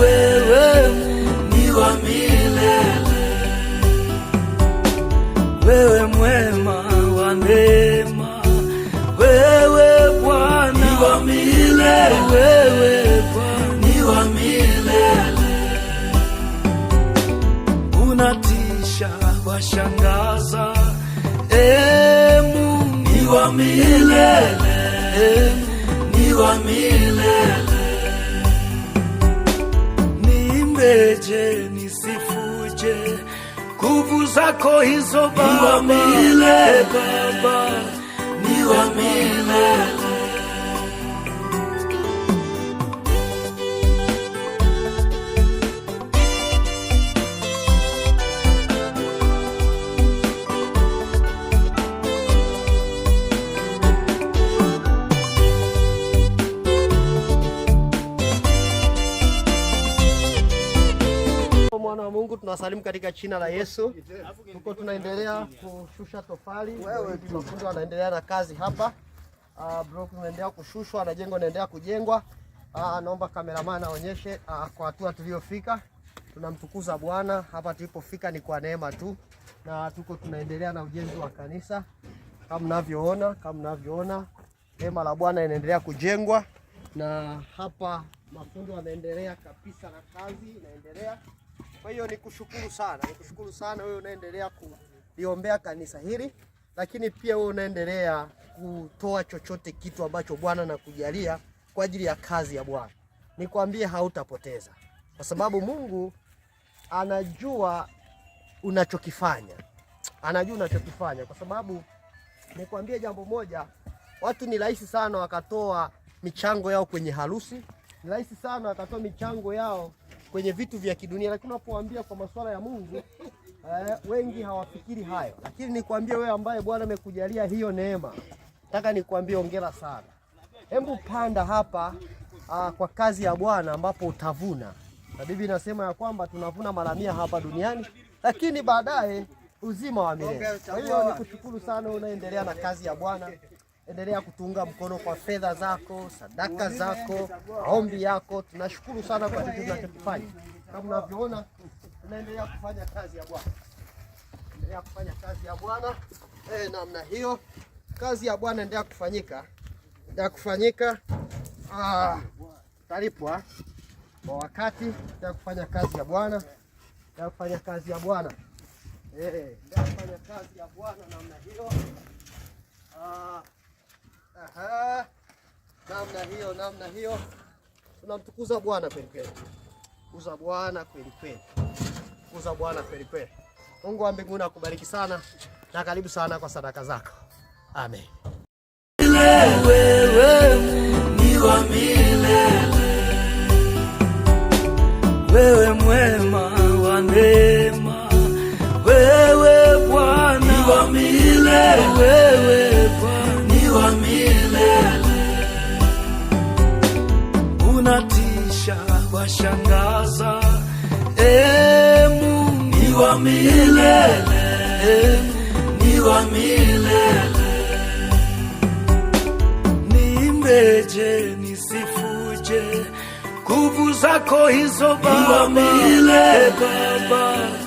wewe ni wa milele, wewe mwema wa neema, wewe Bwana ni wa milele, wewe Bwana ni wa milele, unatisha washangaza, e ni wa milele, e ni wa milele nifanyeje nisifuje? Nguvu zako hizo Baba, milele Baba Bwana wa Mungu, tunawasalimu katika jina la Yesu. Tuko tunaendelea kushusha tofali, mafundi wanaendelea na kazi hapa. Uh, ah, block inaendelea kushushwa na jengo linaendelea kujengwa. Uh, naomba kameraman aonyeshe uh, kwa hatua tuliyofika. Tunamtukuza Bwana, hapa tulipofika ni kwa neema tu, na tuko tunaendelea na ujenzi wa kanisa kama mnavyoona, kama mnavyoona hema la Bwana inaendelea kujengwa na hapa mafundi wanaendelea kabisa na kazi inaendelea. Kwa hiyo nikushukuru sana, nikushukuru sana wewe unaendelea kuliombea kanisa hili, lakini pia wewe unaendelea kutoa chochote kitu ambacho Bwana nakujalia kwa ajili ya kazi ya Bwana. Nikwambie hautapoteza, kwa sababu Mungu anajua unachokifanya, anajua unachokifanya, kwa sababu nikwambie jambo moja, watu ni rahisi sana wakatoa michango yao kwenye harusi, ni rahisi sana wakatoa michango yao kwenye vitu vya kidunia, lakini unapoambia kwa masuala ya Mungu eh, wengi hawafikiri hayo. Lakini nikwambie wewe ambaye Bwana amekujalia hiyo neema, nataka nikwambie ongera sana. Hebu panda hapa aa, ah, kwa kazi ya Bwana ambapo utavuna, na Biblia inasema ya kwamba tunavuna mara mia hapa duniani, lakini baadaye uzima wa milele. Kwa hiyo nikushukuru sana, unaendelea na kazi ya Bwana endelea kutuunga mkono kwa fedha zako, sadaka zako, maombi yako. Tunashukuru sana kwa kitu tunachokifanya. Kama unavyoona, tunaendelea kufanya kazi ya Bwana, endelea kufanya kazi ya Bwana eh, namna hiyo. Kazi ya Bwana endelea kufanyika, endelea kufanyika. Ah, talipwa kwa wakati, endelea kufanya kazi ya Bwana, endelea kufanya kazi ya Bwana, eh, endelea kufanya kazi ya Bwana namna hiyo. hiyo namna hiyo, tunamtukuza Bwana kweli kweli, kuza Bwana kweli kweli, kuza Bwana kweli kweli. Mungu wa mbinguni akubariki sana na karibu sana kwa sadaka zako, amen. Wewe ni wa milele, wewe mwema wa neema, wewe Bwana wa milele wa milele, ni wa milele. Niimbeje, nisifuje nguvu zako hizo Baba, ni wa milele Baba